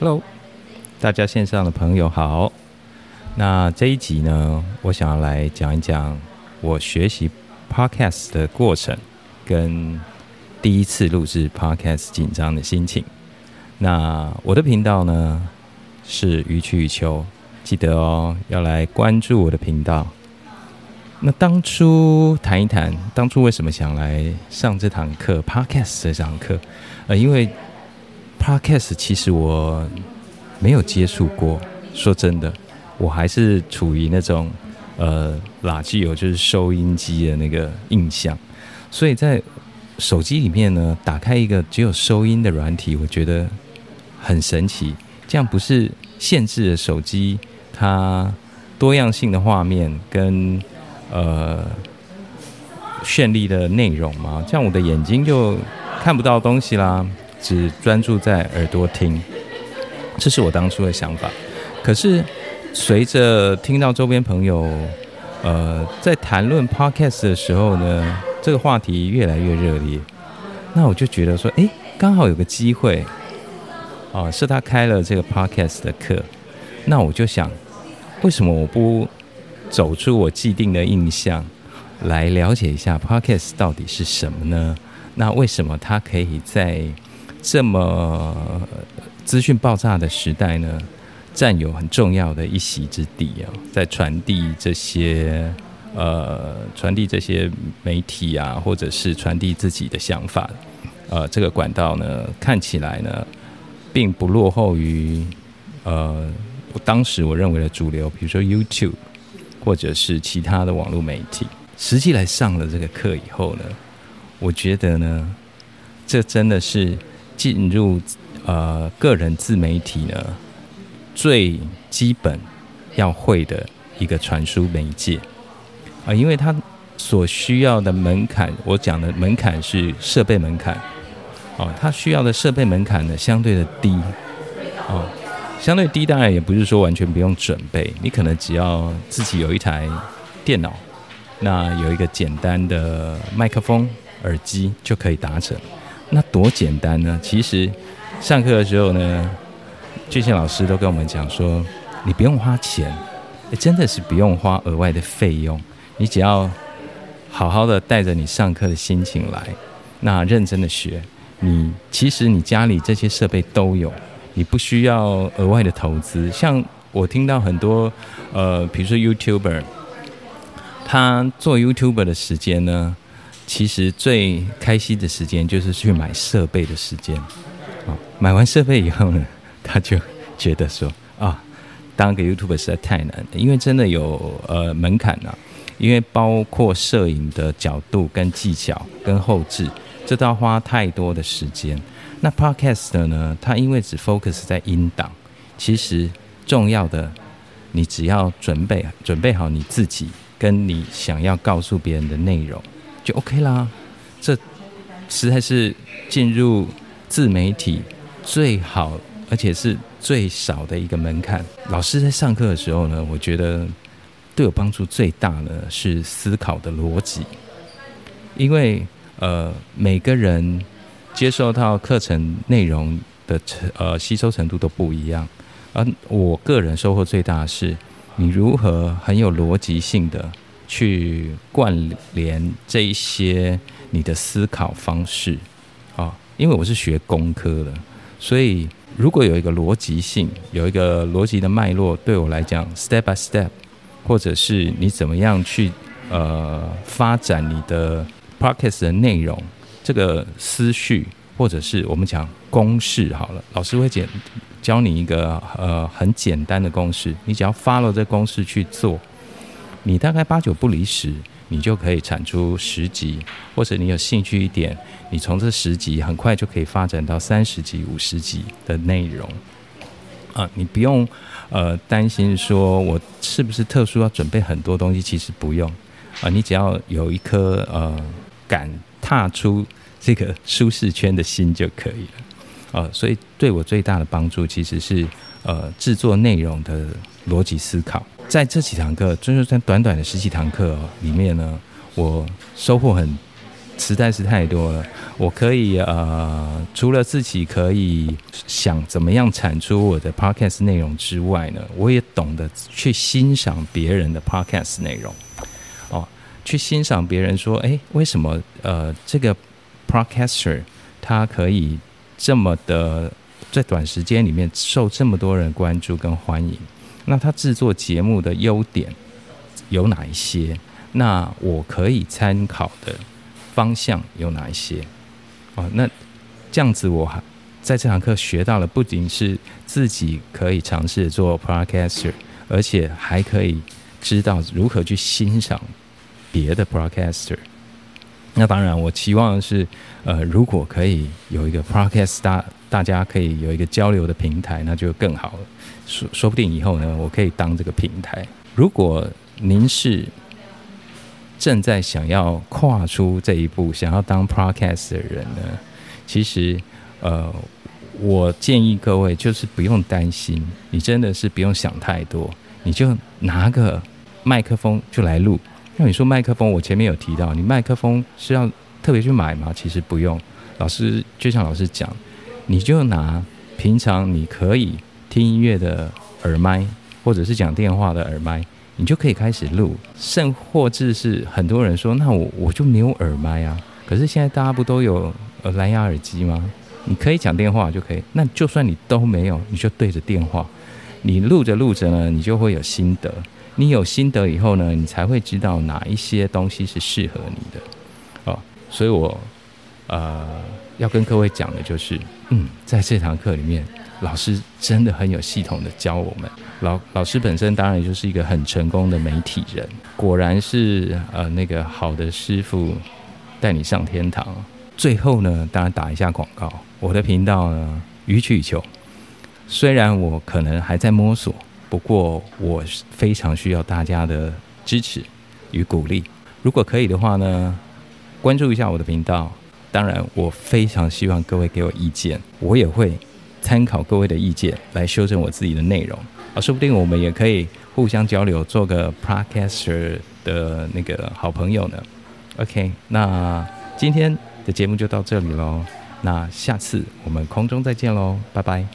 Hello，大家線上的朋友好。那這一集呢，我想要來講一講我學習 podcast 的過程，跟第一次錄製 podcast 緊張的心情。那我的頻道呢是余取羽球，記得哦，要來關注我的頻道。那當初談一談，當初為什麼想來上這堂課 podcast 這堂課？呃，因為 Podcast 其實我沒有接觸過，說真的，我還是處於那種呃，老舊就是收音機的那個印象，所以在手機裡面呢，打開一個只有收音的軟體，我覺得很神奇。這樣不是限制了手機它多樣性的畫面跟呃絢麗的內容嗎？這樣我的眼睛就看不到東西啦。只專注在耳朵聽，這是我當初的想法。可是隨着聽到周邊朋友，呃，在談論 Podcast 的時候呢，這個話題越來越熱烈。那我就覺得說，哎、欸，剛好有個機會，啊，是他開了這個 Podcast 的課。那我就想，為什麼我不走出我既定的印象，來了解一下 Podcast 到底是什麼呢？那為什麼他可以在這麼資訊爆炸的時代呢，占有很重要的一席之地啊、哦，在傳遞這些呃傳遞這些媒體啊，或者是傳遞自己的想法，呃，這個管道呢看起來呢，並不落後於呃我當時我認為的主流，比如說 YouTube 或者是其他的網絡媒體。實際來上了這個課以後呢，我覺得呢，這真的是。進入呃個人自媒體呢，最基本要會的一個傳輸媒介啊、呃，因為它所需要的門檻，我講的門檻是設備門檻啊、哦，它需要的設備門檻呢相對的低啊、哦，相對低當然也不是說完全不用準備，你可能只要自己有一台電腦，那有一個簡單的麥克風、耳機就可以達成。那多簡單呢？其實，上課的時候呢，俊憲老師都跟我們講說，你不用花錢，欸，真的是不用花額外的費用。你只要好好的帶着你上課的心情來，那認真的學。你其實你家裡這些設備都有，你不需要額外的投資。像我聽到很多，呃，比如說 YouTuber，他做 YouTuber 的時間呢，其實最開心的時間就是去買設備的時間。哦，買完設備以後呢，他就覺得說啊，哦，當個 YouTuber 實在太難了，因為真的有呃門檻啊。因為包括攝影的角度、跟技巧、跟後製，這都要花太多的時間。那 Podcast 呢，它因為只 focus 在音檔，其實重要的，你只要準備準備好你自己，跟你想要告訴別人的內容。就 OK 啦，這實在是進入自媒體最好，而且是最少的一個門檻。老師在上課的時候呢，我覺得對我幫助最大的是思考的邏輯，因為呃每個人接受到課程內容的程呃吸收程度都不一樣，而我個人收穫最大的是你如何很有邏輯性的，去關聯這一些你的思考方式，啊、哦，因為我是學工科的，所以如果有一個邏輯性，有一個邏輯的脈絡，對我來講，step by step，或者是你怎麼樣去呃發展你的 Podcast 的內容，這個思緒，或者是我們講公式好了，老師會講教你一個呃很簡單的公式，你只要 follow 這公式去做。你大概八九不離十，你就可以產出十集，或者你有興趣一點，你從這十集很快就可以發展到三十集、五十集的內容。啊，你不用呃擔心說，我是不是特殊要準備很多東西？其實不用啊，你只要有一顆呃敢踏出這個舒適圈的心就可以了。啊，所以對我最大的幫助其實是呃製作內容的邏輯思考。在這幾堂課，就是在短短的十幾堂課裡面呢，我收穫很，實在是太多了。我可以呃，除了自己可以想怎麼樣產出我的 podcast 內容之外呢，我也懂得去欣賞別人的 podcast 內容。哦，去欣賞別人說，哎，為什麼呃這個 podcaster 他可以這麼的在短時間裡面受這麼多人關注跟歡迎？那他製作節目的優點有哪一些？那我可以參考的方向有哪一些？哦，那這樣子，我還在這堂課學到了，不僅是自己可以嘗試做 broadcaster，而且還可以知道如何去欣賞別的 broadcaster。那當然，我期望的是，呃，如果可以有一個 podcast 大大家可以有一個交流的平台，那就更好了。說說不定以後呢，我可以當這個平台。如果您是正在想要跨出這一步，想要當 podcast 的人呢，其實，呃，我建議各位就是不用擔心，你真的是不用想太多，你就拿個麥克風就來錄。那你說麥克風，我前面有提到，你麥克風是要特別去買嗎？其實不用。老師，就像老師講，你就拿平常你可以聽音樂的耳麥，或者是講電話的耳麥，你就可以開始錄。甚或至是很多人說，那我我就沒有耳麥啊，可是現在大家不都有呃藍牙耳機嗎？你可以講電話就可以。那就算你都沒有，你就對着電話。你錄着錄着呢，你就會有心得。你有心得以後呢，你才會知道哪一些東西是適合你的，哦。所以我，我呃要跟各位講的就是，嗯，在這堂課裡面，老師真的很有系統的教我們。老老師本身當然就是一個很成功的媒體人，果然是呃那個好的師傅帶你上天堂。最後呢，當然打一下廣告，我的頻道呢，余取羽球。雖然我可能還在摸索，不過我非常需要大家的支持與鼓勵。如果可以的話呢，關注一下我的頻道。當然，我非常希望各位給我意見，我也會參考各位的意見來修正我自己的內容。啊，說不定我們也可以互相交流，做個 Podcaster 的那個好朋友呢。OK，那今天的節目就到這裡嘍。那下次我們空中再見嘍，拜拜。